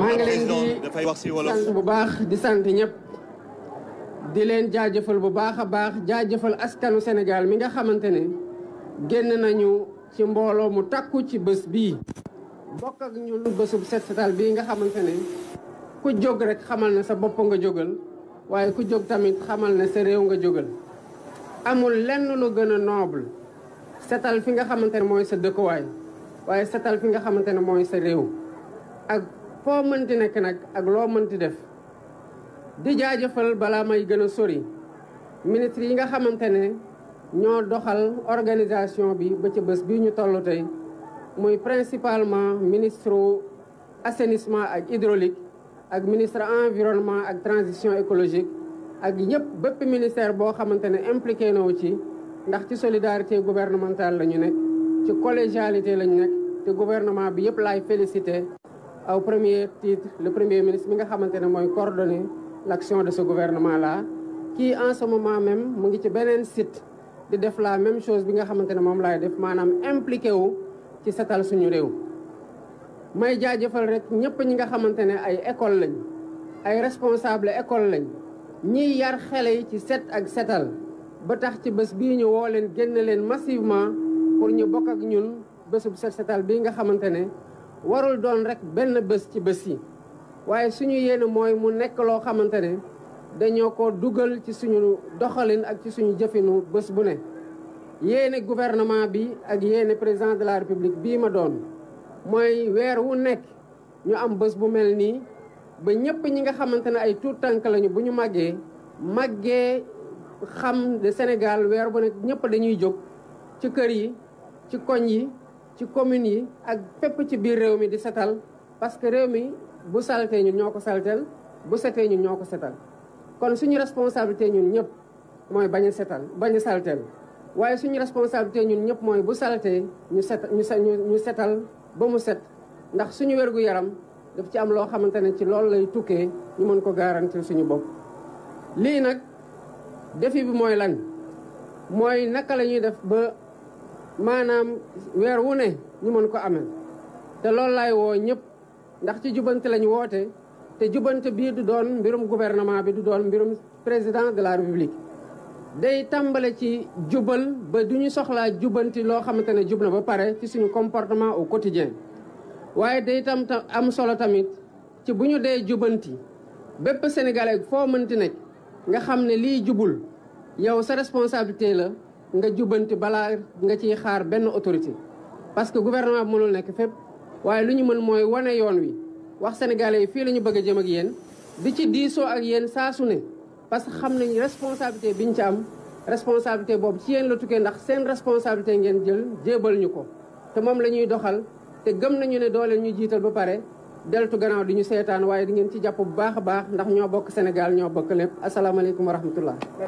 maa ngi leen di bu baax di sant ñépp di leen jaajëfal bu baax a baax jaajëfal askanu senegaal mi nga xamante ne génn nañu ci mbooloo mu takku ci bés bi bokk ak ñun bésub set setal bii nga xamante ne ku jóg rek xamal ne sa bopp nga jógal waaye ku jóg tamit xamal ne sa réew nga jógal amul lenn lu gën a noble setal fi nga xamante ne mooy sa dëkkuwaay waaye setal fi nga xamante ne mooy sa réew ak foo mënti nekk nag ak loo mënti def di jaajëfal balaa may gën a sori ministre yi nga xamante ne ñoo doxal organisation bi ba ca bës bi ñu toll tey muy principalement ministre assainissement ak hydraulique ak ministre environnement ak transition écologique ak ñëpp bépp ministère boo xamante ne impliqué nawu ci ndax ci solidarité gouvernementale la ñu nekk ci collégialité lañ nekk te gouvernement bi yëpp laay félicité au premier titre le premier ministre mi nga xamante ne mooy coordonner l'action de ce gouvernement là kii en ce moment même mu ngi ci beneen site di def la même chose bi nga xamante ne moom laay def maanaam impliqué wu ci setal suñu réew may jaajëfal rek ñëpp ñi nga xamante ne ay école lañ ay responsable école lañ ñiy yar xale yi ci set ak setal ba tax ci bés bii ñu woo leen génn leen massivement pour ñu bokk ak ñun bésub set setal bi nga xamante ne warul doon rek benn bés ci bés yi waaye suñu yéene mooy mu nekk loo xamante ne dañoo ko dugal ci suñu doxalin ak ci suñu jëfinu bés bu ne yéene gouvernement bi ak yéene président de la république bii ma doon mooy weer wu nekk ñu am bés bu mel nii ba ñëpp ñi nga xamante ne ay tuut tànk lañu bu ñu màggee màggee xam de Sénégal weer bu nekk ñëpp dañuy jóg ci kër yi ci koñ yi ci commune yi ak fépp ci biir réew mi di setal parce que réew mi bu saltee ñun ñoo ko saltel bu setee ñun ñoo ko setal kon suñu responsabilité ñun ñëpp mooy bañ a bañ a saltel waaye suñu responsabilité ñun ñëpp mooy bu saltee ñu set ñu setal ba mu set ndax suñu wergu yaram daf ci am loo xamante ne ci loolu lay tukkee ñu mën ko garantir suñu bopp lii nag défi bi mooy lan mooy naka la def ba maanaam weer wu ne ñu mën ko amel te loolu laay woo ñëpp ndax ci jubante lañu woote te jubante bii du doon mbirum gouvernement bi du doon mbirum président de la république day tàmbale ci jubal ba du ñu soxlaa jubbanti loo xamante ne jub na ba pare ci suñu comportement au quotidien waaye day tam am solo tamit ci bu ñu dee jubanti bépp sénégalais foo mënti nekk nga xam ne lii jubul yow sa responsabilité la nga jubbanti balaa nga ciy xaar benn autorité parce que gouvernement bi mënul nekk fépp waaye lu ñu mën mooy wane yoon wi wax sénégalais yi fii la ñu bëgg a jëm ak yéen di ci diisoo ak yéen saa ne parce que xam nañ responsabilité ñu ci am responsabilité boobu ci yéen la tukkee ndax seen responsabilité ngeen jël jéebal ñu ko te moom la ñuy doxal te gëm nañu ne doo leen ñu jiital ba pare deltu gannaaw di ñu seetaan waaye di ngeen ci jàpp bu baax a baax ndax ñoo bokk Sénégal ñoo bokk lépp asalaamaaleykum wa